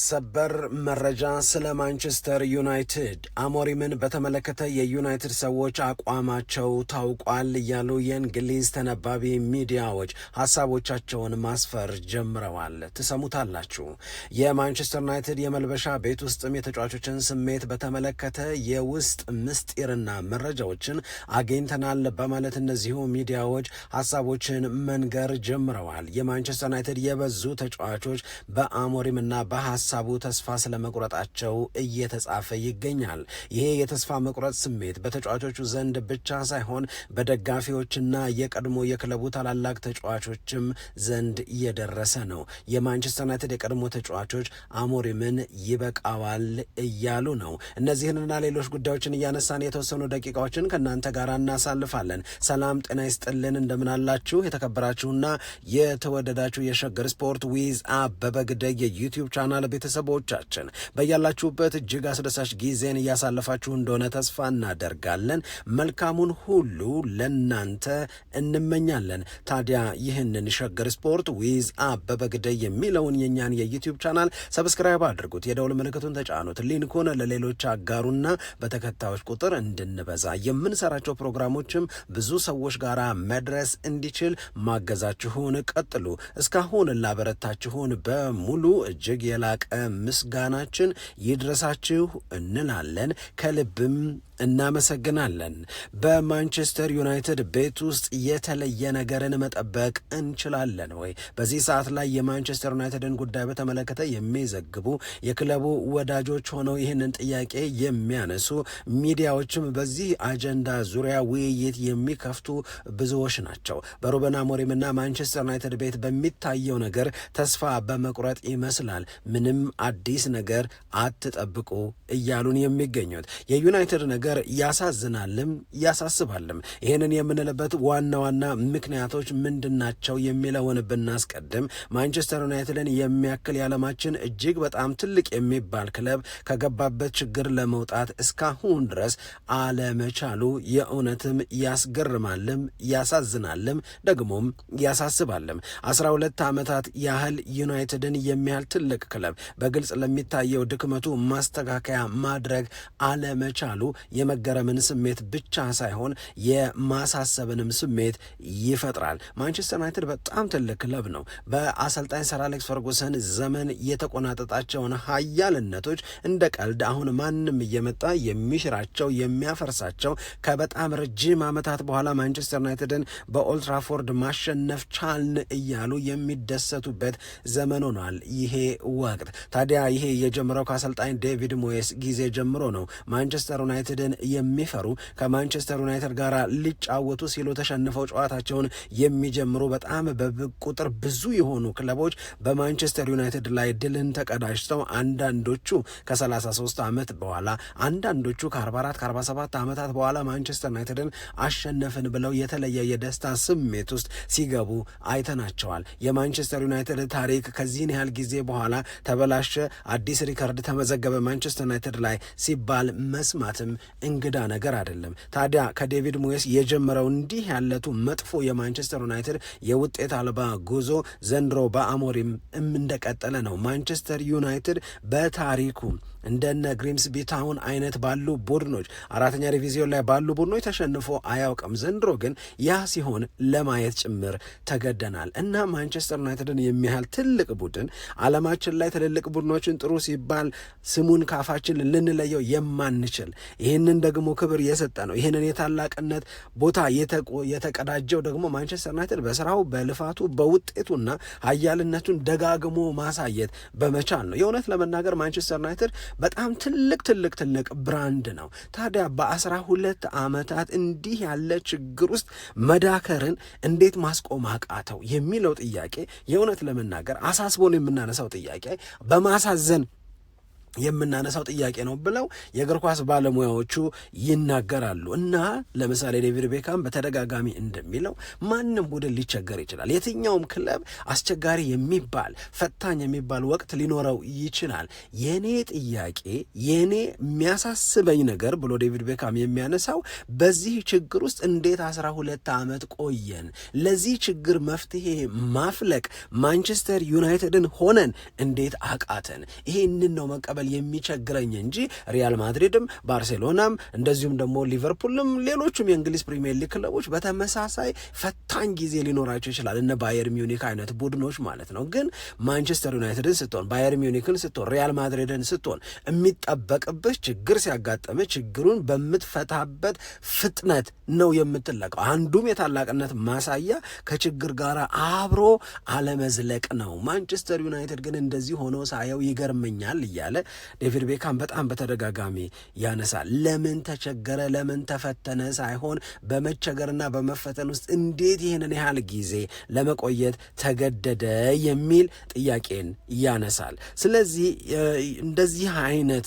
ሰበር መረጃ ስለ ማንቸስተር ዩናይትድ አሞሪምን በተመለከተ የዩናይትድ ሰዎች አቋማቸው ታውቋል እያሉ የእንግሊዝ ተነባቢ ሚዲያዎች ሀሳቦቻቸውን ማስፈር ጀምረዋል። ትሰሙታላችሁ። የማንቸስተር ዩናይትድ የመልበሻ ቤት ውስጥም የተጫዋቾችን ስሜት በተመለከተ የውስጥ ምስጢርና መረጃዎችን አግኝተናል በማለት እነዚሁ ሚዲያዎች ሀሳቦችን መንገር ጀምረዋል። የማንቸስተር ዩናይትድ የበዙ ተጫዋቾች በአሞሪምና በሀ በሀሳቡ ተስፋ ስለመቁረጣቸው እየተጻፈ ይገኛል። ይሄ የተስፋ መቁረጥ ስሜት በተጫዋቾቹ ዘንድ ብቻ ሳይሆን በደጋፊዎችና የቀድሞ የክለቡ ታላላቅ ተጫዋቾችም ዘንድ እየደረሰ ነው። የማንቸስተር ዩናይትድ የቀድሞ ተጫዋቾች አሞሪምን ይበቃዋል እያሉ ነው። እነዚህንና ሌሎች ጉዳዮችን እያነሳን የተወሰኑ ደቂቃዎችን ከእናንተ ጋር እናሳልፋለን። ሰላም ጤና ይስጥልን። እንደምናላችሁ የተከበራችሁና የተወደዳችሁ የሸገር ስፖርት ዊዝ አበበ ግደይ የዩቲዩብ ቻናል ቤተሰቦቻችን በያላችሁበት እጅግ አስደሳች ጊዜን እያሳለፋችሁ እንደሆነ ተስፋ እናደርጋለን። መልካሙን ሁሉ ለናንተ እንመኛለን። ታዲያ ይህንን ሸገር ስፖርት ዊዝ አበበ ግደይ የሚለውን የእኛን የዩቲዩብ ቻናል ሰብስክራይብ አድርጉት፣ የደውል ምልክቱን ተጫኑት፣ ሊንኩን ለሌሎች አጋሩና በተከታዮች ቁጥር እንድንበዛ የምንሰራቸው ፕሮግራሞችም ብዙ ሰዎች ጋር መድረስ እንዲችል ማገዛችሁን ቀጥሉ። እስካሁን ላበረታችሁን በሙሉ እጅግ የላቀ የላቀ ምስጋናችን ይድረሳችሁ እንላለን ከልብም እናመሰግናለን። በማንቸስተር ዩናይትድ ቤት ውስጥ የተለየ ነገርን መጠበቅ እንችላለን ወይ? በዚህ ሰዓት ላይ የማንቸስተር ዩናይትድን ጉዳይ በተመለከተ የሚዘግቡ የክለቡ ወዳጆች ሆነው ይህንን ጥያቄ የሚያነሱ ሚዲያዎችም በዚህ አጀንዳ ዙሪያ ውይይት የሚከፍቱ ብዙዎች ናቸው። በሩበን አሞሪምና ማንቸስተር ዩናይትድ ቤት በሚታየው ነገር ተስፋ በመቁረጥ ይመስላል ምንም አዲስ ነገር አትጠብቁ እያሉን የሚገኙት የዩናይትድ ነገር ነገር ያሳዝናልም ያሳስባልም። ይህንን የምንልበት ዋና ዋና ምክንያቶች ምንድናቸው የሚለውን ብናስቀድም ማንቸስተር ዩናይትድን የሚያክል የዓለማችን እጅግ በጣም ትልቅ የሚባል ክለብ ከገባበት ችግር ለመውጣት እስካሁን ድረስ አለመቻሉ የእውነትም ያስገርማልም ያሳዝናልም ደግሞም ያሳስባልም። አስራ ሁለት ዓመታት ያህል ዩናይትድን የሚያህል ትልቅ ክለብ በግልጽ ለሚታየው ድክመቱ ማስተካከያ ማድረግ አለመቻሉ የመገረምን ስሜት ብቻ ሳይሆን የማሳሰብንም ስሜት ይፈጥራል። ማንቸስተር ዩናይትድ በጣም ትልቅ ክለብ ነው። በአሰልጣኝ ሰር አሌክስ ፈርጉሰን ዘመን የተቆናጠጣቸውን ኃያልነቶች እንደ ቀልድ አሁን ማንም እየመጣ የሚሽራቸው የሚያፈርሳቸው ከበጣም ረጅም ዓመታት በኋላ ማንቸስተር ዩናይትድን በኦልትራፎርድ ማሸነፍ ቻልን እያሉ የሚደሰቱበት ዘመን ሆኗል። ይሄ ወቅት ታዲያ ይሄ የጀመረው ከአሰልጣኝ ዴቪድ ሞየስ ጊዜ ጀምሮ ነው። ማንቸስተር ዩናይትድ ዩናይትድን የሚፈሩ ከማንቸስተር ዩናይትድ ጋር ሊጫወቱ ሲሉ ተሸንፈው ጨዋታቸውን የሚጀምሩ በጣም በቁጥር ብዙ የሆኑ ክለቦች በማንቸስተር ዩናይትድ ላይ ድልን ተቀዳጅተው አንዳንዶቹ ከ33 ዓመት በኋላ አንዳንዶቹ ከ44 ከ47 ዓመታት በኋላ ማንቸስተር ዩናይትድን አሸነፍን ብለው የተለየ የደስታ ስሜት ውስጥ ሲገቡ አይተናቸዋል። የማንቸስተር ዩናይትድ ታሪክ ከዚህን ያህል ጊዜ በኋላ ተበላሸ፣ አዲስ ሪከርድ ተመዘገበ ማንቸስተር ዩናይትድ ላይ ሲባል መስማትም እንግዳ ነገር አይደለም። ታዲያ ከዴቪድ ሙየስ የጀመረው እንዲህ ያለቱ መጥፎ የማንቸስተር ዩናይትድ የውጤት አልባ ጉዞ ዘንድሮ በአሞሪም እንደቀጠለ ነው። ማንቸስተር ዩናይትድ በታሪኩ እንደነ ግሪምስቢ ታውን አይነት ባሉ ቡድኖች አራተኛ ዲቪዚዮን ላይ ባሉ ቡድኖች ተሸንፎ አያውቅም። ዘንድሮ ግን ያ ሲሆን ለማየት ጭምር ተገደናል እና ማንቸስተር ዩናይትድን የሚያህል ትልቅ ቡድን አለማችን ላይ ትልልቅ ቡድኖችን ጥሩ ሲባል ስሙን ካፋችን ልንለየው የማንችል ይህንን ደግሞ ክብር የሰጠ ነው። ይህንን የታላቅነት ቦታ የተቀዳጀው ደግሞ ማንቸስተር ዩናይትድ በስራው በልፋቱ በውጤቱና አያልነቱን ደጋግሞ ማሳየት በመቻል ነው። የእውነት ለመናገር ማንቸስተር ዩናይትድ በጣም ትልቅ ትልቅ ትልቅ ብራንድ ነው። ታዲያ በአስራ ሁለት ዓመታት እንዲህ ያለ ችግር ውስጥ መዳከርን እንዴት ማስቆም አቃተው የሚለው ጥያቄ የእውነት ለመናገር አሳስቦን የምናነሳው ጥያቄ በማሳዘን የምናነሳው ጥያቄ ነው ብለው የእግር ኳስ ባለሙያዎቹ ይናገራሉ። እና ለምሳሌ ዴቪድ ቤካም በተደጋጋሚ እንደሚለው ማንም ቡድን ሊቸገር ይችላል። የትኛውም ክለብ አስቸጋሪ የሚባል ፈታኝ የሚባል ወቅት ሊኖረው ይችላል። የኔ ጥያቄ የኔ የሚያሳስበኝ ነገር ብሎ ዴቪድ ቤካም የሚያነሳው በዚህ ችግር ውስጥ እንዴት አስራ ሁለት ዓመት ቆየን? ለዚህ ችግር መፍትሄ ማፍለቅ ማንቸስተር ዩናይትድን ሆነን እንዴት አቃተን? ይሄንን ነው መቀበል መቀበል የሚቸግረኝ እንጂ ሪያል ማድሪድም ባርሴሎናም እንደዚሁም ደግሞ ሊቨርፑልም ሌሎቹም የእንግሊዝ ፕሪሚየር ሊግ ክለቦች በተመሳሳይ ፈታኝ ጊዜ ሊኖራቸው ይችላል። እነ ባየር ሚዩኒክ አይነት ቡድኖች ማለት ነው። ግን ማንቸስተር ዩናይትድን ስትሆን፣ ባየር ሚዩኒክን ስትሆን፣ ሪያል ማድሪድን ስትሆን የሚጠበቅብህ ችግር ሲያጋጠመ ችግሩን በምትፈታበት ፍጥነት ነው የምትለቀው። አንዱም የታላቅነት ማሳያ ከችግር ጋር አብሮ አለመዝለቅ ነው። ማንቸስተር ዩናይትድ ግን እንደዚህ ሆኖ ሳየው ይገርመኛል እያለ ዴቪድ ቤካም በጣም በተደጋጋሚ ያነሳል። ለምን ተቸገረ፣ ለምን ተፈተነ ሳይሆን በመቸገርና በመፈተን ውስጥ እንዴት ይህንን ያህል ጊዜ ለመቆየት ተገደደ የሚል ጥያቄን ያነሳል። ስለዚህ እንደዚህ አይነት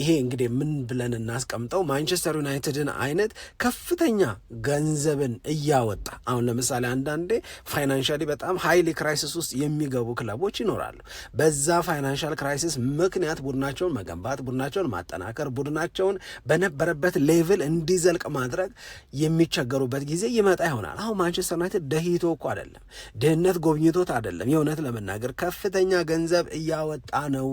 ይሄ እንግዲህ ምን ብለን እናስቀምጠው? ማንቸስተር ዩናይትድን አይነት ከፍተኛ ገንዘብን እያወጣ አሁን ለምሳሌ አንዳንዴ ፋይናንሻሊ በጣም ሀይሊ ክራይሲስ ውስጥ የሚገቡ ክለቦች ይኖራሉ። በዛ ፋይናንሻል ክራይሲስ ምክንያት ቡድናቸውን መገንባት፣ ቡድናቸውን ማጠናከር፣ ቡድናቸውን በነበረበት ሌቭል እንዲዘልቅ ማድረግ የሚቸገሩበት ጊዜ ይመጣ ይሆናል። አሁን ማንቸስተር ዩናይትድ ደሂቶ እኮ አይደለም፣ ድህነት ጎብኝቶት አይደለም። የእውነት ለመናገር ከፍተኛ ገንዘብ እያወጣ ነው።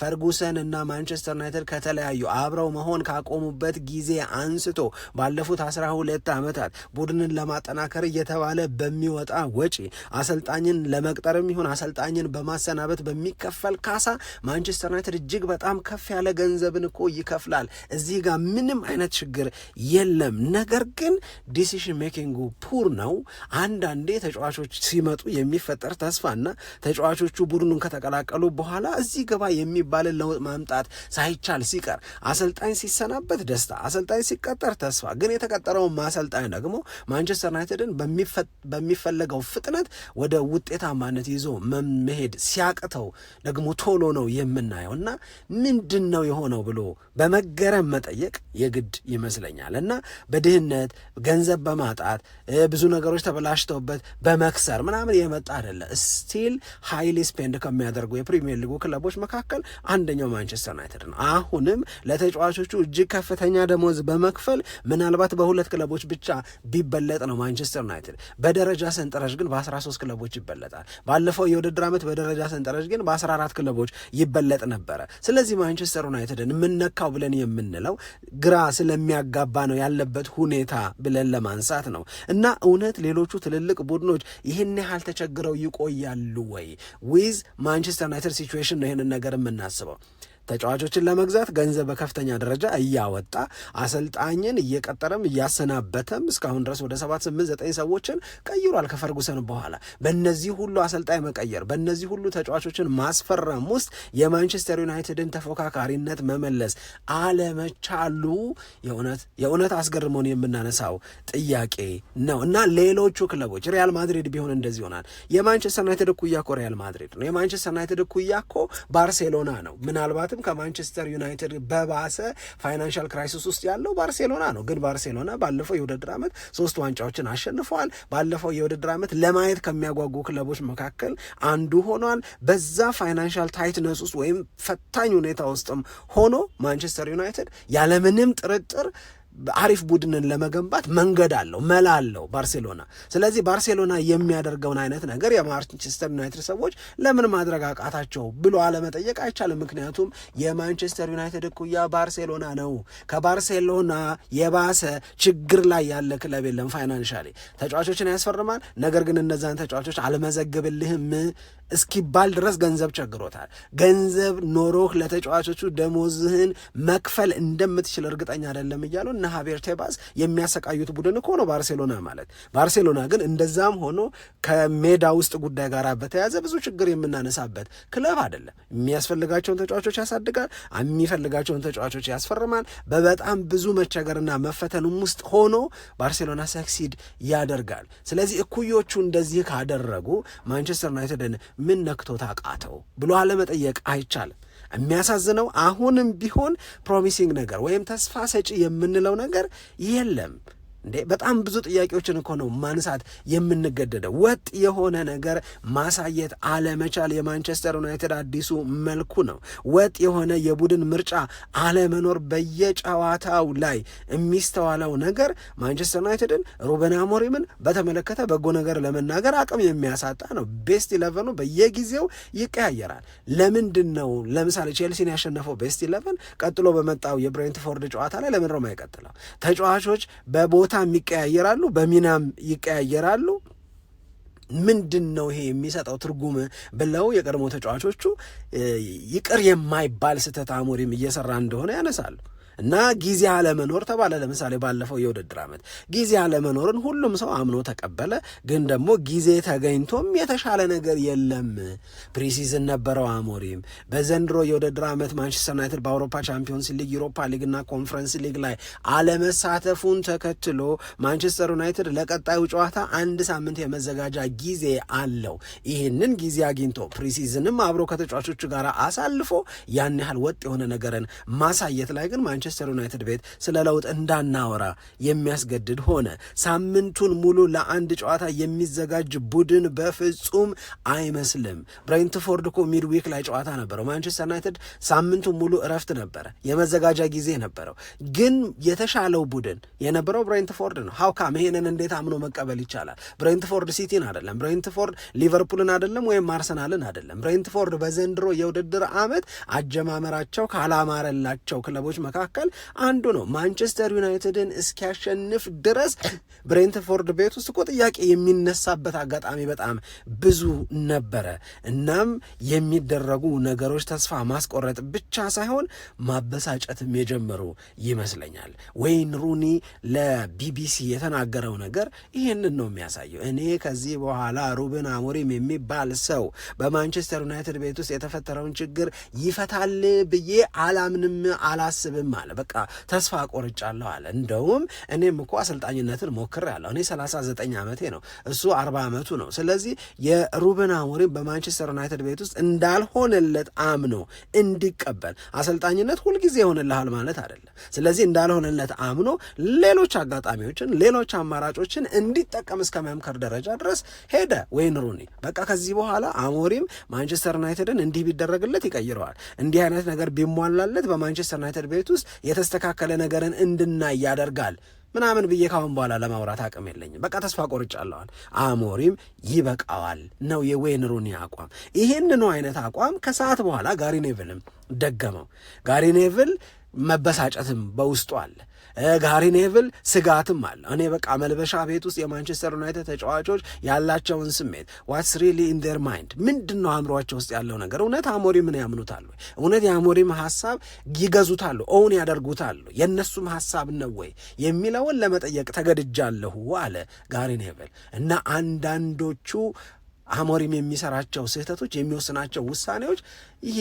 ፈርጉሰን እና ማንቸስተር ዩናይትድ ከተለያዩ አብረው መሆን ካቆሙበት ጊዜ አንስቶ ባለፉት አስራ ሁለት ዓመታት ቡድንን ለማጠናከር እየተባለ በሚወጣ ወጪ አሰልጣኝን ለመቅጠርም ይሁን አሰልጣኝን በማሰናበት በሚከፈል ካሳ ማንቸስተር ዩናይትድ እጅግ በጣም ከፍ ያለ ገንዘብን እኮ ይከፍላል። እዚህ ጋር ምንም አይነት ችግር የለም። ነገር ግን ዲሲሽን ሜኪንጉ ፑር ነው። አንዳንዴ ተጫዋቾች ሲመጡ የሚፈጠር ተስፋና ተጫዋቾቹ ቡድኑን ከተቀላቀሉ በኋላ እዚህ ገባ የሚባልን ለውጥ ማምጣት ሳይቻል ሲቀር አሰልጣኝ ሲሰናበት ደስታ፣ አሰልጣኝ ሲቀጠር ተስፋ፣ ግን የተቀጠረው አሰልጣኝ ደግሞ ማንቸስተር ዩናይትድን በሚፈለገው ፍጥነት ወደ ውጤታማነት ይዞ መሄድ ሲያቅተው ደግሞ ቶሎ ነው የምናየው እና ምንድን ነው የሆነው ብሎ በመገረም መጠየቅ የግድ ይመስለኛል እና በድህነት ገንዘብ በማጣት ብዙ ነገሮች ተበላሽተውበት በመክሰር ምናምን የመጣ አይደለ። ስቲል ሀይሊ ስፔንድ ከሚያደርጉ የፕሪሚየር ሊጉ ክለቦች መካከል አንደኛው ማንቸስተር ማንቸስተር ነው። አሁንም ለተጫዋቾቹ እጅግ ከፍተኛ ደሞዝ በመክፈል ምናልባት በሁለት ክለቦች ብቻ ቢበለጥ ነው ማንቸስተር ዩናይትድ። በደረጃ ሰንጠረዥ ግን በ13 ክለቦች ይበለጣል። ባለፈው የውድድር ዓመት በደረጃ ሰንጠረዥ ግን በ14 ክለቦች ይበለጥ ነበረ። ስለዚህ ማንቸስተር ዩናይትድን የምነካው ብለን የምንለው ግራ ስለሚያጋባ ነው ያለበት ሁኔታ ብለን ለማንሳት ነው እና እውነት ሌሎቹ ትልልቅ ቡድኖች ይህን ያህል ተቸግረው ይቆያሉ ወይ? ዊዝ ማንቸስተር ዩናይትድ ሲቹዌሽን ነው ይህንን ነገር የምናስበው። ተጫዋቾችን ለመግዛት ገንዘብ በከፍተኛ ደረጃ እያወጣ አሰልጣኝን እየቀጠረም እያሰናበተም እስካሁን ድረስ ወደ ሰባት ስምንት ዘጠኝ ሰዎችን ቀይሯል ከፈርጉሰን በኋላ። በእነዚህ ሁሉ አሰልጣኝ መቀየር፣ በእነዚህ ሁሉ ተጫዋቾችን ማስፈረም ውስጥ የማንቸስተር ዩናይትድን ተፎካካሪነት መመለስ አለመቻሉ የእውነት የእውነት አስገርሞን የምናነሳው ጥያቄ ነው እና ሌሎቹ ክለቦች ሪያል ማድሪድ ቢሆን እንደዚህ ይሆናል። የማንቸስተር ዩናይትድ እኩያ እኮ ሪያል ማድሪድ ነው። የማንቸስተር ዩናይትድ እኩያ እኮ ባርሴሎና ነው ምናልባት ምናልባትም ከማንቸስተር ዩናይትድ በባሰ ፋይናንሻል ክራይሲስ ውስጥ ያለው ባርሴሎና ነው። ግን ባርሴሎና ባለፈው የውድድር ዓመት ሶስት ዋንጫዎችን አሸንፈዋል። ባለፈው የውድድር ዓመት ለማየት ከሚያጓጉ ክለቦች መካከል አንዱ ሆኗል። በዛ ፋይናንሻል ታይትነስ ውስጥ ወይም ፈታኝ ሁኔታ ውስጥም ሆኖ ማንቸስተር ዩናይትድ ያለምንም ጥርጥር አሪፍ ቡድንን ለመገንባት መንገድ አለው፣ መላ አለው ባርሴሎና። ስለዚህ ባርሴሎና የሚያደርገውን አይነት ነገር የማንቸስተር ዩናይትድ ሰዎች ለምን ማድረግ አቃታቸው ብሎ አለመጠየቅ አይቻልም። ምክንያቱም የማንቸስተር ዩናይትድ እኩያ ባርሴሎና ነው። ከባርሴሎና የባሰ ችግር ላይ ያለ ክለብ የለም። ፋይናንሻሊ ተጫዋቾችን ያስፈርማል፣ ነገር ግን እነዛን ተጫዋቾች አልመዘግብልህም እስኪባል ድረስ ገንዘብ ቸግሮታል። ገንዘብ ኖሮህ ለተጫዋቾቹ ደሞዝህን መክፈል እንደምትችል እርግጠኛ አይደለም እያሉ እነ ሀቤር ቴባስ የሚያሰቃዩት ቡድን እኮ ነው ባርሴሎና ማለት። ባርሴሎና ግን እንደዛም ሆኖ ከሜዳ ውስጥ ጉዳይ ጋር በተያዘ ብዙ ችግር የምናነሳበት ክለብ አይደለም። የሚያስፈልጋቸውን ተጫዋቾች ያሳድጋል፣ የሚፈልጋቸውን ተጫዋቾች ያስፈርማል። በበጣም ብዙ መቸገርና መፈተንም ውስጥ ሆኖ ባርሴሎና ሰክሲድ ያደርጋል። ስለዚህ እኩዮቹ እንደዚህ ካደረጉ ማንቸስተር ዩናይትድን ምን ነክቶት አቃተው ብሎ አለመጠየቅ አይቻልም። የሚያሳዝነው አሁንም ቢሆን ፕሮሚሲንግ ነገር ወይም ተስፋ ሰጪ የምንለው ነገር የለም። እንዴ በጣም ብዙ ጥያቄዎችን እኮ ነው ማንሳት የምንገደደው። ወጥ የሆነ ነገር ማሳየት አለመቻል የማንቸስተር ዩናይትድ አዲሱ መልኩ ነው። ወጥ የሆነ የቡድን ምርጫ አለመኖር በየጨዋታው ላይ የሚስተዋለው ነገር ማንቸስተር ዩናይትድን ሩበን አሞሪምን በተመለከተ በጎ ነገር ለመናገር አቅም የሚያሳጣ ነው። ቤስት ኢለቨኑ በየጊዜው ይቀያየራል። ለምንድን ነው ለምሳሌ ቼልሲን ያሸነፈው ቤስት ኢለቨን ቀጥሎ በመጣው የብሬንትፎርድ ጨዋታ ላይ ለምንድነው የማይቀጥለው? ተጫዋቾች በቦታ በቦታም ይቀያየራሉ፣ በሚናም ይቀያየራሉ። ምንድን ነው ይሄ የሚሰጠው ትርጉም ብለው የቀድሞ ተጫዋቾቹ ይቅር የማይባል ስህተት አሞሪም እየሰራ እንደሆነ ያነሳሉ። እና ጊዜ አለመኖር ተባለ። ለምሳሌ ባለፈው የውድድር ዓመት ጊዜ አለመኖርን ሁሉም ሰው አምኖ ተቀበለ። ግን ደግሞ ጊዜ ተገኝቶም የተሻለ ነገር የለም። ፕሪሲዝን ነበረው አሞሪም። በዘንድሮ የውድድር ዓመት ማንቸስተር ዩናይትድ በአውሮፓ ቻምፒዮንስ ሊግ፣ ዩሮፓ ሊግና ኮንፈረንስ ሊግ ላይ አለመሳተፉን ተከትሎ ማንቸስተር ዩናይትድ ለቀጣዩ ጨዋታ አንድ ሳምንት የመዘጋጃ ጊዜ አለው። ይህንን ጊዜ አግኝቶ ፕሪሲዝንም አብሮ ከተጫዋቾቹ ጋር አሳልፎ ያን ያህል ወጥ የሆነ ነገርን ማሳየት ላይ ግን ማንቸስተር ዩናይትድ ቤት ስለ ለውጥ እንዳናወራ የሚያስገድድ ሆነ። ሳምንቱን ሙሉ ለአንድ ጨዋታ የሚዘጋጅ ቡድን በፍጹም አይመስልም። ብሬንትፎርድ እኮ ሚድዊክ ላይ ጨዋታ ነበረው። ማንቸስተር ዩናይትድ ሳምንቱን ሙሉ እረፍት ነበረ፣ የመዘጋጃ ጊዜ ነበረው። ግን የተሻለው ቡድን የነበረው ብሬንትፎርድ ነው። ሀውካም ይሄንን እንዴት አምኖ መቀበል ይቻላል? ብሬንትፎርድ ሲቲን አይደለም፣ ብሬንትፎርድ ሊቨርፑልን አይደለም፣ ወይም አርሰናልን አይደለም። ብሬንትፎርድ በዘንድሮ የውድድር ዓመት አጀማመራቸው ካላማረላቸው ክለቦች መካከል መካከል አንዱ ነው። ማንቸስተር ዩናይትድን እስኪያሸንፍ ድረስ ብሬንትፎርድ ቤት ውስጥ እኮ ጥያቄ የሚነሳበት አጋጣሚ በጣም ብዙ ነበረ። እናም የሚደረጉ ነገሮች ተስፋ ማስቆረጥ ብቻ ሳይሆን ማበሳጨትም የጀመሩ ይመስለኛል። ወይን ሩኒ ለቢቢሲ የተናገረው ነገር ይህንን ነው የሚያሳየው። እኔ ከዚህ በኋላ ሩብን አሞሪም የሚባል ሰው በማንቸስተር ዩናይትድ ቤት ውስጥ የተፈጠረውን ችግር ይፈታል ብዬ አላምንም፣ አላስብም አለ። በቃ ተስፋ ቆርጫለሁ አለ። እንደውም እኔም እኮ አሰልጣኝነትን ሞክሬያለሁ። እኔ 39 ዓመቴ ነው፣ እሱ 40 ዓመቱ ነው። ስለዚህ የሩበን አሞሪም በማንቸስተር ዩናይትድ ቤት ውስጥ እንዳልሆነለት አምኖ እንዲቀበል አሰልጣኝነት ሁልጊዜ ይሆንልሃል ማለት አይደለም። ስለዚህ እንዳልሆነለት አምኖ ሌሎች አጋጣሚዎችን ሌሎች አማራጮችን እንዲጠቀም እስከ መምከር ደረጃ ድረስ ሄደ ወይን ሩኒ። በቃ ከዚህ በኋላ አሞሪም ማንቸስተር ዩናይትድን እንዲህ ቢደረግለት ይቀይረዋል፣ እንዲህ አይነት ነገር ቢሟላለት በማንቸስተር ዩናይትድ ቤት ውስጥ የተስተካከለ ነገርን እንድናይ ያደርጋል ምናምን ብዬ ካሁን በኋላ ለማውራት አቅም የለኝም። በቃ ተስፋ ቆርጫለዋል። አሞሪም ይበቃዋል ነው የዌይን ሩኒ አቋም። ይህንኑ አይነት አቋም ከሰዓት በኋላ ጋሪ ኔቭልም ደገመው። ጋሪ ኔቭል መበሳጨትም በውስጡ አለ። ጋሪ ኔቭል ስጋትም አለ። እኔ በቃ መልበሻ ቤት ውስጥ የማንቸስተር ዩናይትድ ተጫዋቾች ያላቸውን ስሜት ዋትስ ሪሊ ኢን ዴር ማይንድ ምንድን ነው አእምሯቸው ውስጥ ያለው ነገር እውነት አሞሪምን ያምኑታሉ? እውነት የአሞሪም ሀሳብ ይገዙታሉ? እውን ያደርጉታሉ? የእነሱም ሀሳብ ነው ወይ የሚለውን ለመጠየቅ ተገድጃለሁ አለ ጋሪ ኔቭል እና አንዳንዶቹ አሞሪም የሚሰራቸው ስህተቶች የሚወስናቸው ውሳኔዎች ይህ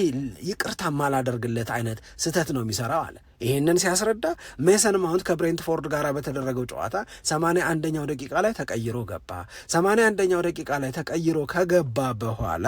ይቅርታ ማላደርግለት አይነት ስህተት ነው የሚሰራው አለ። ይህንን ሲያስረዳ ሜሰን ማውንት ከብሬንትፎርድ ጋር በተደረገው ጨዋታ ሰማንያ አንደኛው ደቂቃ ላይ ተቀይሮ ገባ። ሰማንያ አንደኛው ደቂቃ ላይ ተቀይሮ ከገባ በኋላ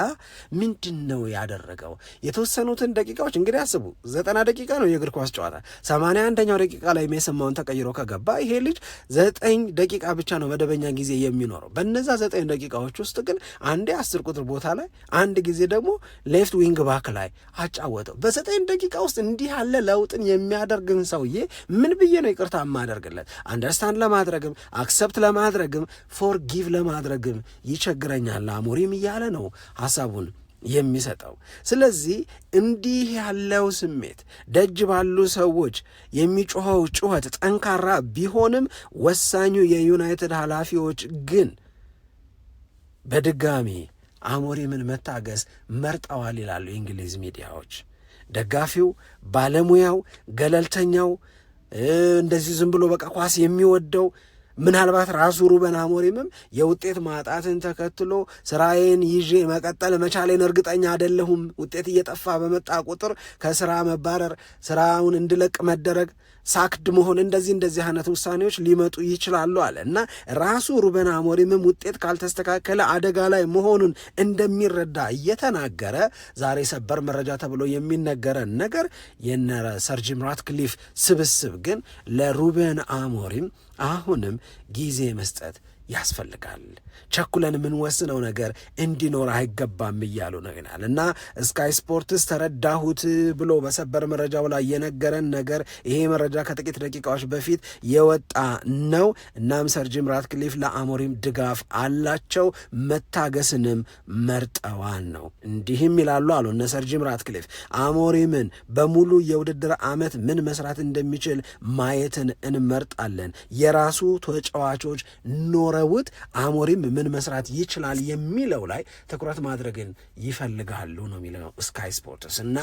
ምንድን ነው ያደረገው? የተወሰኑትን ደቂቃዎች እንግዲህ አስቡ፣ ዘጠና ደቂቃ ነው የእግር ኳስ ጨዋታ። ሰማንያ አንደኛው ደቂቃ ላይ ሜሰን ማውንት ተቀይሮ ከገባ ይሄ ልጅ ዘጠኝ ደቂቃ ብቻ ነው መደበኛ ጊዜ የሚኖረው። በነዛ ዘጠኝ ደቂቃዎች ውስጥ ግን አንዴ አስር ቁጥር ቦታ ላይ አንድ ጊዜ ደግሞ ሌፍት ዊንግ ባክ ላይ አጫወተው። በዘጠኝ ደቂቃ ውስጥ እንዲህ ያለ ለውጥን የሚያ የሚያደርግን ሰውዬ ምን ብዬ ነው ይቅርታ የማደርግለት? አንደርስታንድ ለማድረግም አክሰፕት ለማድረግም ፎርጊቭ ለማድረግም ይቸግረኛል አሞሪም እያለ ነው ሀሳቡን የሚሰጠው። ስለዚህ እንዲህ ያለው ስሜት ደጅ ባሉ ሰዎች የሚጮኸው ጩኸት ጠንካራ ቢሆንም ወሳኙ የዩናይትድ ኃላፊዎች ግን በድጋሚ አሞሪምን መታገስ መርጠዋል ይላሉ የእንግሊዝ ሚዲያዎች። ደጋፊው፣ ባለሙያው፣ ገለልተኛው እንደዚህ ዝም ብሎ በቃ ኳስ የሚወደው ምናልባት ራሱ ሩበን አሞሪምም የውጤት ማጣትን ተከትሎ ስራዬን ይዤ መቀጠል መቻሌን እርግጠኛ አይደለሁም፣ ውጤት እየጠፋ በመጣ ቁጥር ከስራ መባረር፣ ስራውን እንድለቅ መደረግ ሳክድ መሆን እንደዚህ እንደዚህ አይነት ውሳኔዎች ሊመጡ ይችላሉ አለ እና ራሱ ሩበን አሞሪምም ውጤት ካልተስተካከለ አደጋ ላይ መሆኑን እንደሚረዳ እየተናገረ ዛሬ ሰበር መረጃ ተብሎ የሚነገረን ነገር የነ ሰር ጂም ራትክሊፍ ስብስብ ግን ለሩበን አሞሪም አሁንም ጊዜ መስጠት ያስፈልጋል። ቸኩለን የምንወስነው ነገር እንዲኖር አይገባም እያሉ ነው ይናል እና ስካይ ስፖርትስ ተረዳሁት ብሎ በሰበር መረጃው ላይ የነገረን ነገር ይሄ መረጃ ከጥቂት ደቂቃዎች በፊት የወጣ ነው። እናም ሰር ጂም ራትክሊፍ ለአሞሪም ድጋፍ አላቸው፣ መታገስንም መርጠዋን ነው። እንዲህም ይላሉ አሉ እነ ሰር ጂም ራትክሊፍ አሞሪምን በሙሉ የውድድር ዓመት ምን መስራት እንደሚችል ማየትን እንመርጣለን። የራሱ ተጫዋቾች ኖረ ኖረውት አሞሪም ምን መስራት ይችላል የሚለው ላይ ትኩረት ማድረግን ይፈልጋሉ ነው የሚለው ስካይ ስፖርትስ። እና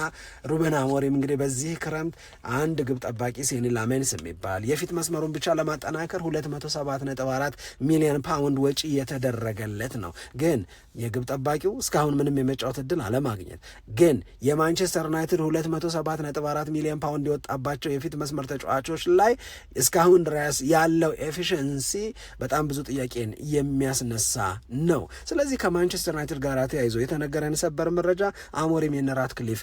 ሩበን አሞሪም እንግዲህ በዚህ ክረምት አንድ ግብ ጠባቂ ሴኒ ላሜንስ የሚባል የፊት መስመሩን ብቻ ለማጠናከር 27.4 ሚሊዮን ፓውንድ ወጪ የተደረገለት ነው። ግን የግብ ጠባቂው እስካሁን ምንም የመጫወት እድል አለማግኘት ግን የማንቸስተር ዩናይትድ 27.4 ሚሊዮን ፓውንድ የወጣባቸው የፊት መስመር ተጫዋቾች ላይ እስካሁን ድረስ ያለው ኤፊሽንሲ በጣም ብዙ ጥያቄ ጥያቄን የሚያስነሳ ነው። ስለዚህ ከማንቸስተር ዩናይትድ ጋር ተያይዞ የተነገረን ሰበር መረጃ አሞሪም የነራት ክሊፍ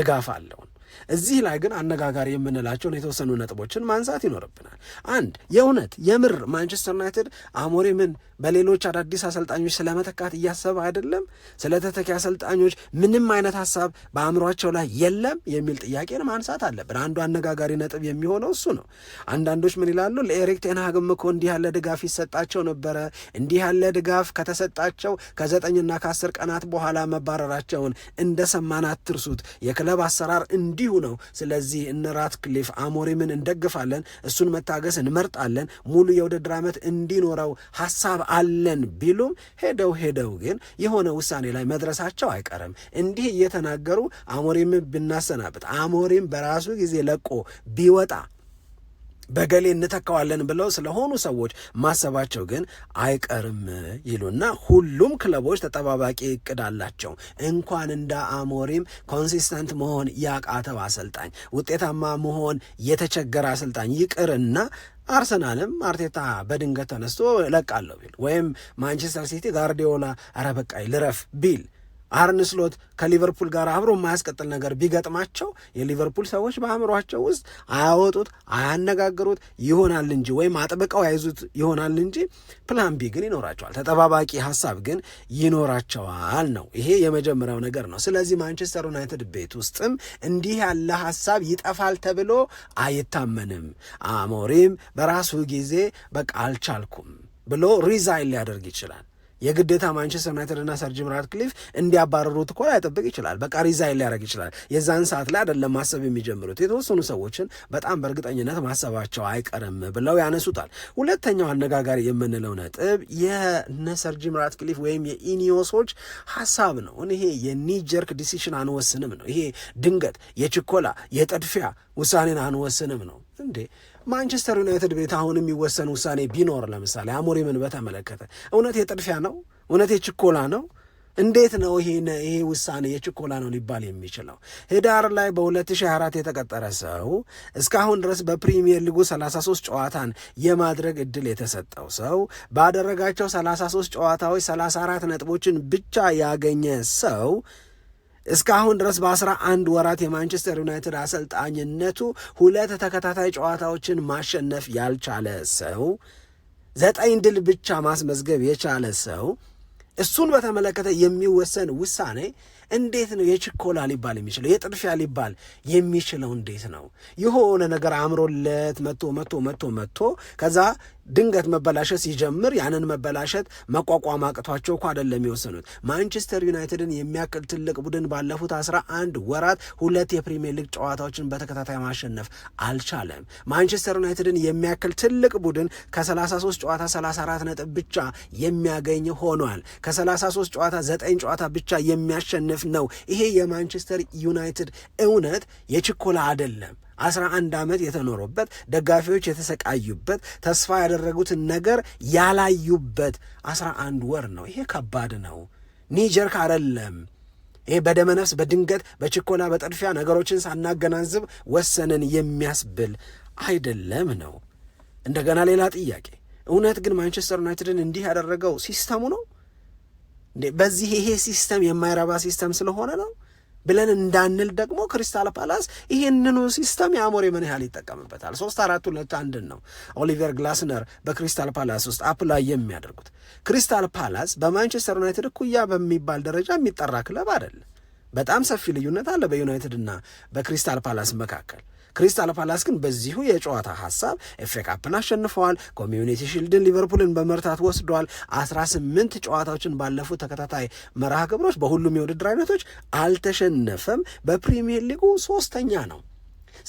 ድጋፍ አለውን እዚህ ላይ ግን አነጋጋሪ የምንላቸውን የተወሰኑ ነጥቦችን ማንሳት ይኖርብናል። አንድ የእውነት የምር ማንቸስተር ዩናይትድ አሞሪምን በሌሎች አዳዲስ አሰልጣኞች ስለመተካት እያሰበ አይደለም፣ ስለ ተተኪ አሰልጣኞች ምንም አይነት ሀሳብ በአእምሯቸው ላይ የለም የሚል ጥያቄን ማንሳት አለብን። አንዱ አነጋጋሪ ነጥብ የሚሆነው እሱ ነው። አንዳንዶች ምን ይላሉ? ለኤሪክ ቴንሃግም እኮ እንዲህ ያለ ድጋፍ ይሰጣቸው ነበረ። እንዲህ ያለ ድጋፍ ከተሰጣቸው ከዘጠኝና ከአስር ቀናት በኋላ መባረራቸውን እንደሰማን አትርሱት። የክለብ አሰራር እንዲ እንዲሁ ነው። ስለዚህ እነ ራትክሊፍ አሞሪምን እንደግፋለን፣ እሱን መታገስ እንመርጣለን፣ ሙሉ የውድድር ዓመት እንዲኖረው ሀሳብ አለን ቢሉም ሄደው ሄደው ግን የሆነ ውሳኔ ላይ መድረሳቸው አይቀርም። እንዲህ እየተናገሩ አሞሪምን ብናሰናብት አሞሪም በራሱ ጊዜ ለቆ ቢወጣ በገሌ እንተካዋለን ብለው ስለሆኑ ሰዎች ማሰባቸው ግን አይቀርም ይሉና ሁሉም ክለቦች ተጠባባቂ እቅድ አላቸው። እንኳን እንደ አሞሪም ኮንሲስተንት መሆን ያቃተው አሰልጣኝ፣ ውጤታማ መሆን የተቸገረ አሰልጣኝ ይቅርና አርሰናልም አርቴታ በድንገት ተነስቶ እለቃለሁ ቢል ወይም ማንቸስተር ሲቲ ጋርዲዮላ ኧረ ልረፍ ቢል አርንስሎት ከሊቨርፑል ጋር አብሮ የማያስቀጥል ነገር ቢገጥማቸው የሊቨርፑል ሰዎች በአእምሯቸው ውስጥ አያወጡት አያነጋግሩት ይሆናል እንጂ ወይም አጥብቀው ያይዙት ይሆናል እንጂ ፕላን ቢ ግን ይኖራቸዋል፣ ተጠባባቂ ሀሳብ ግን ይኖራቸዋል ነው። ይሄ የመጀመሪያው ነገር ነው። ስለዚህ ማንቸስተር ዩናይትድ ቤት ውስጥም እንዲህ ያለ ሀሳብ ይጠፋል ተብሎ አይታመንም። አሞሪም በራሱ ጊዜ በቃ አልቻልኩም ብሎ ሪዛይን ሊያደርግ ይችላል። የግዴታ ማንቸስተር ዩናይትድ እና ሰር ጂም ራትክሊፍ እንዲያባረሩት እኮ ላይጠብቅ ይችላል። በቃ ሪዛይን ሊያደርግ ይችላል። የዛን ሰዓት ላይ አይደለም ማሰብ የሚጀምሩት። የተወሰኑ ሰዎችን በጣም በእርግጠኝነት ማሰባቸው አይቀርም ብለው ያነሱታል። ሁለተኛው አነጋጋሪ የምንለው ነጥብ የነ ሰር ጂም ራትክሊፍ ወይም የኢኒዮሶች ሀሳብ ነው። ይሄ የኒጀርክ ዲሲሽን አንወስንም ነው። ይሄ ድንገት የችኮላ የጥድፊያ ውሳኔን አንወስንም ነው እንዴ ማንቸስተር ዩናይትድ ቤት አሁን የሚወሰን ውሳኔ ቢኖር ለምሳሌ አሞሪምን በተመለከተ እውነት የጥድፊያ ነው? እውነት የችኮላ ነው? እንዴት ነው ይሄ ውሳኔ የችኮላ ነው ሊባል የሚችለው? ህዳር ላይ በ2024 የተቀጠረ ሰው እስካሁን ድረስ በፕሪሚየር ሊጉ 33 ጨዋታን የማድረግ እድል የተሰጠው ሰው ባደረጋቸው 33 ጨዋታዎች 34 ነጥቦችን ብቻ ያገኘ ሰው እስካሁን ድረስ በአስራ አንድ ወራት የማንቸስተር ዩናይትድ አሰልጣኝነቱ ሁለት ተከታታይ ጨዋታዎችን ማሸነፍ ያልቻለ ሰው ዘጠኝ ድል ብቻ ማስመዝገብ የቻለ ሰው እሱን በተመለከተ የሚወሰን ውሳኔ እንዴት ነው የችኮላ ሊባል የሚችለው? የጥድፊያ ሊባል የሚችለው እንዴት ነው? የሆነ ነገር አምሮለት መቶ መቶ መቶ መቶ ከዛ ድንገት መበላሸት ሲጀምር ያንን መበላሸት መቋቋም አቅቷቸው እኮ አይደለም የወሰኑት። ማንቸስተር ዩናይትድን የሚያክል ትልቅ ቡድን ባለፉት አስራ አንድ ወራት ሁለት የፕሪሚየር ሊግ ጨዋታዎችን በተከታታይ ማሸነፍ አልቻለም። ማንቸስተር ዩናይትድን የሚያክል ትልቅ ቡድን ከ33 ጨዋታ 34 ነጥብ ብቻ የሚያገኝ ሆኗል። ከ33 ጨዋታ 9 ጨዋታ ብቻ የሚያሸንፍ ነው። ይሄ የማንቸስተር ዩናይትድ እውነት የችኮላ አይደለም። አስራ አንድ ዓመት የተኖረበት ደጋፊዎች የተሰቃዩበት ተስፋ ያደረጉትን ነገር ያላዩበት አስራ አንድ ወር ነው። ይሄ ከባድ ነው። ኒጀርክ አደለም። ይሄ በደመነፍስ በድንገት በችኮላ በጥድፊያ ነገሮችን ሳናገናዝብ ወሰንን የሚያስብል አይደለም ነው። እንደገና ሌላ ጥያቄ፣ እውነት ግን ማንቸስተር ዩናይትድን እንዲህ ያደረገው ሲስተሙ ነው? በዚህ ይሄ ሲስተም የማይረባ ሲስተም ስለሆነ ነው ብለን እንዳንል ደግሞ ክሪስታል ፓላስ ይህንኑ ሲስተም የአሞሬ ምን ያህል ይጠቀምበታል? ሶስት አራት ሁለት አንድን ነው ኦሊቨር ግላስነር በክሪስታል ፓላስ ውስጥ አፕላይ የሚያደርጉት። ክሪስታል ፓላስ በማንቸስተር ዩናይትድ እኩያ በሚባል ደረጃ የሚጠራ ክለብ አይደለም። በጣም ሰፊ ልዩነት አለ በዩናይትድ እና በክሪስታል ፓላስ መካከል። ክሪስታል ፓላስ ግን በዚሁ የጨዋታ ሀሳብ ኤፍ ካፕን አሸንፈዋል። ኮሚዩኒቲ ሺልድን ሊቨርፑልን በመርታት ወስደዋል። አስራ ስምንት ጨዋታዎችን ባለፉ ተከታታይ መርሃ ግብሮች በሁሉም የውድድር አይነቶች አልተሸነፈም። በፕሪሚየር ሊጉ ሶስተኛ ነው።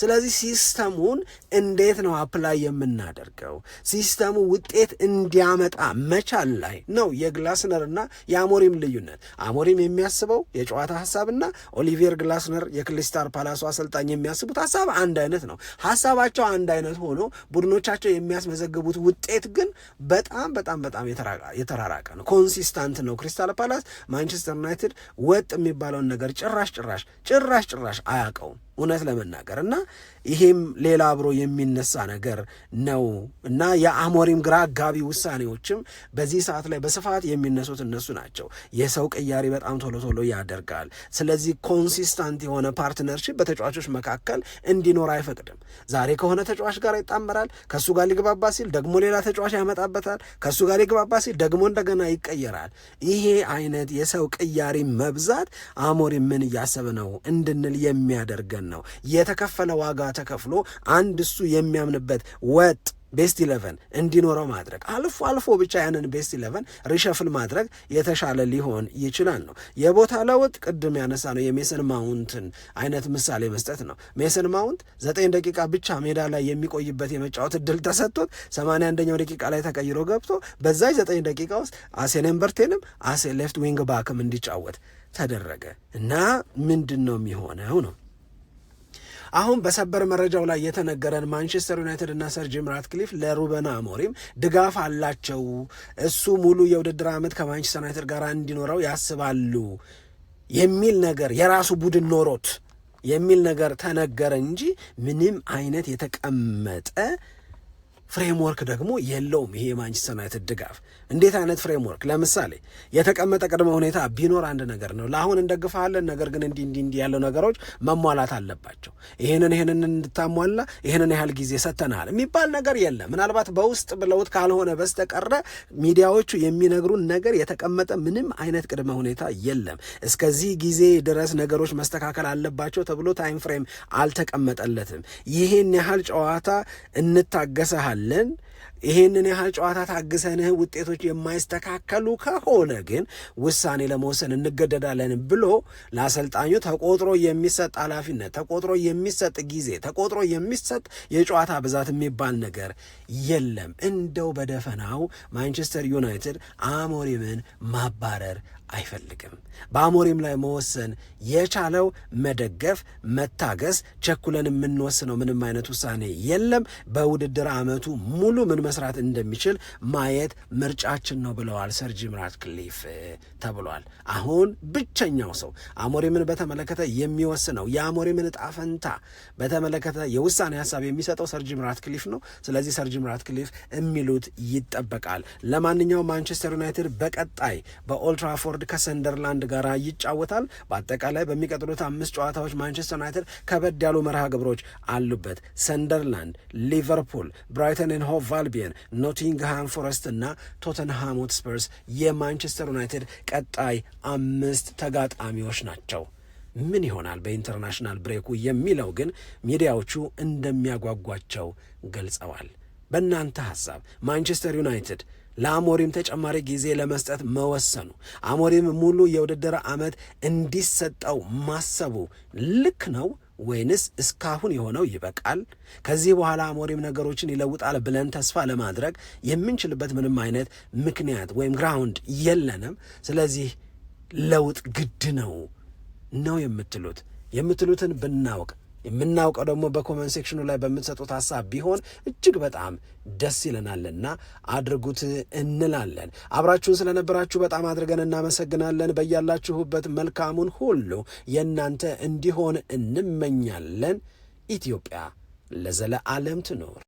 ስለዚህ ሲስተሙን እንዴት ነው አፕላይ የምናደርገው? ሲስተሙ ውጤት እንዲያመጣ መቻል ላይ ነው እና የአሞሪም ልዩነት። አሞሪም የሚያስበው የጨዋታ ሀሳብና ኦሊቪየር ግላስነር የክሪስታል ፓላሱ አሰልጣኝ የሚያስቡት ሀሳብ አንድ አይነት ነው። ሀሳባቸው አንድ አይነት ሆኖ ቡድኖቻቸው የሚያስመዘግቡት ውጤት ግን በጣም በጣም በጣም የተራራቀ ነው። ኮንሲስታንት ነው። ክሪስታል ፓላስ ማንቸስተር ዩናይትድ ወጥ የሚባለውን ነገር ጭራሽ ጭራሽ ጭራሽ ጭራሽ አያውቀውም። እውነት ለመናገር እና ይሄም ሌላ አብሮ የሚነሳ ነገር ነው እና የአሞሪም ግራ አጋቢ ውሳኔዎችም በዚህ ሰዓት ላይ በስፋት የሚነሱት እነሱ ናቸው። የሰው ቅያሪ በጣም ቶሎ ቶሎ ያደርጋል። ስለዚህ ኮንሲስታንት የሆነ ፓርትነርሽፕ በተጫዋቾች መካከል እንዲኖር አይፈቅድም። ዛሬ ከሆነ ተጫዋች ጋር ይጣመራል፣ ከእሱ ጋር ሊግባባ ሲል ደግሞ ሌላ ተጫዋች ያመጣበታል፣ ከእሱ ጋር ሊግባባ ሲል ደግሞ እንደገና ይቀየራል። ይሄ አይነት የሰው ቅያሪ መብዛት አሞሪም ምን እያሰበ ነው እንድንል የሚያደርገን ነው የተከፈለ ዋጋ ተከፍሎ አንድ እሱ የሚያምንበት ወጥ ቤስት ኢለቨን እንዲኖረው ማድረግ አልፎ አልፎ ብቻ ያንን ቤስት ኢለቨን ሪሸፍል ማድረግ የተሻለ ሊሆን ይችላል ነው የቦታ ለውጥ ቅድም ያነሳ ነው የሜሰን ማውንትን አይነት ምሳሌ መስጠት ነው። ሜሰን ማውንት ዘጠኝ ደቂቃ ብቻ ሜዳ ላይ የሚቆይበት የመጫወት እድል ተሰጥቶት ሰማንያ አንደኛው ደቂቃ ላይ ተቀይሮ ገብቶ በዛች ዘጠኝ ደቂቃ ውስጥ አሴ ሌምበርቴንም አሴ ሌፍት ዊንግ ባክም እንዲጫወት ተደረገ እና ምንድን ነው የሚሆነው ነው አሁን በሰበር መረጃው ላይ የተነገረን ማንቸስተር ዩናይትድ እና ሰር ጂም ራትክሊፍ ለሩበን አሞሪም ድጋፍ አላቸው። እሱ ሙሉ የውድድር ዓመት ከማንቸስተር ዩናይትድ ጋር እንዲኖረው ያስባሉ የሚል ነገር የራሱ ቡድን ኖሮት የሚል ነገር ተነገረ እንጂ ምንም አይነት የተቀመጠ ፍሬምወርክ ደግሞ የለውም። ይሄ የማንቸስተር ዩናይትድ ድጋፍ እንዴት አይነት ፍሬምወርክ? ለምሳሌ የተቀመጠ ቅድመ ሁኔታ ቢኖር አንድ ነገር ነው። ለአሁን እንደግፋለን፣ ነገር ግን እንዲህ እንዲህ እንዲህ ያለው ነገሮች መሟላት አለባቸው። ይህንን ይህንን እንድታሟላ ይህንን ያህል ጊዜ ሰጥተናል የሚባል ነገር የለም። ምናልባት በውስጥ ብለውት ካልሆነ በስተቀረ ሚዲያዎቹ የሚነግሩን ነገር የተቀመጠ ምንም አይነት ቅድመ ሁኔታ የለም። እስከዚህ ጊዜ ድረስ ነገሮች መስተካከል አለባቸው ተብሎ ታይም ፍሬም አልተቀመጠለትም። ይህን ያህል ጨዋታ እንታገሰሃል እንችላለን። ይህንን ያህል ጨዋታ ታግሰንህ ውጤቶች የማይስተካከሉ ከሆነ ግን ውሳኔ ለመወሰን እንገደዳለን ብሎ ለአሰልጣኙ ተቆጥሮ የሚሰጥ ኃላፊነት፣ ተቆጥሮ የሚሰጥ ጊዜ፣ ተቆጥሮ የሚሰጥ የጨዋታ ብዛት የሚባል ነገር የለም። እንደው በደፈናው ማንቸስተር ዩናይትድ አሞሪምን ማባረር አይፈልግም። በአሞሪም ላይ መወሰን የቻለው መደገፍ፣ መታገስ፣ ቸኩለን የምንወስነው ምንም አይነት ውሳኔ የለም። በውድድር ዓመቱ ሙሉ ምን መስራት እንደሚችል ማየት ምርጫችን ነው ብለዋል ሰር ጂም ራትክሊፍ ተብሏል። አሁን ብቸኛው ሰው አሞሪምን በተመለከተ የሚወስነው የአሞሪምን ጣፈንታ ፈንታ በተመለከተ የውሳኔ ሀሳብ የሚሰጠው ሰር ጂም ራትክሊፍ ነው። ስለዚህ ሰር ጂም ራትክሊፍ የሚሉት ይጠበቃል። ለማንኛውም ማንቸስተር ዩናይትድ በቀጣይ በኦልትራፎርድ ዋትፎርድ ከሰንደርላንድ ጋር ይጫወታል። በአጠቃላይ በሚቀጥሉት አምስት ጨዋታዎች ማንቸስተር ዩናይትድ ከበድ ያሉ መርሃ ግብሮች አሉበት። ሰንደርላንድ፣ ሊቨርፑል፣ ብራይተን ኤንድ ሆቭ አልቢየን፣ ኖቲንግሃም ፎረስት እና ቶተንሃም ሆትስፐርስ የማንቸስተር ዩናይትድ ቀጣይ አምስት ተጋጣሚዎች ናቸው። ምን ይሆናል በኢንተርናሽናል ብሬኩ የሚለው ግን ሚዲያዎቹ እንደሚያጓጓቸው ገልጸዋል። በእናንተ ሐሳብ ማንቸስተር ዩናይትድ ለአሞሪም ተጨማሪ ጊዜ ለመስጠት መወሰኑ አሞሪም ሙሉ የውድድር ዓመት እንዲሰጠው ማሰቡ ልክ ነው ወይንስ እስካሁን የሆነው ይበቃል? ከዚህ በኋላ አሞሪም ነገሮችን ይለውጣል ብለን ተስፋ ለማድረግ የምንችልበት ምንም አይነት ምክንያት ወይም ግራውንድ የለንም። ስለዚህ ለውጥ ግድ ነው ነው የምትሉት የምትሉትን ብናውቅ የምናውቀው ደግሞ በኮመንት ሴክሽኑ ላይ በምትሰጡት ሀሳብ ቢሆን እጅግ በጣም ደስ ይለናልና አድርጉት እንላለን። አብራችሁን ስለነበራችሁ በጣም አድርገን እናመሰግናለን። በያላችሁበት መልካሙን ሁሉ የእናንተ እንዲሆን እንመኛለን። ኢትዮጵያ ለዘለዓለም ትኖር።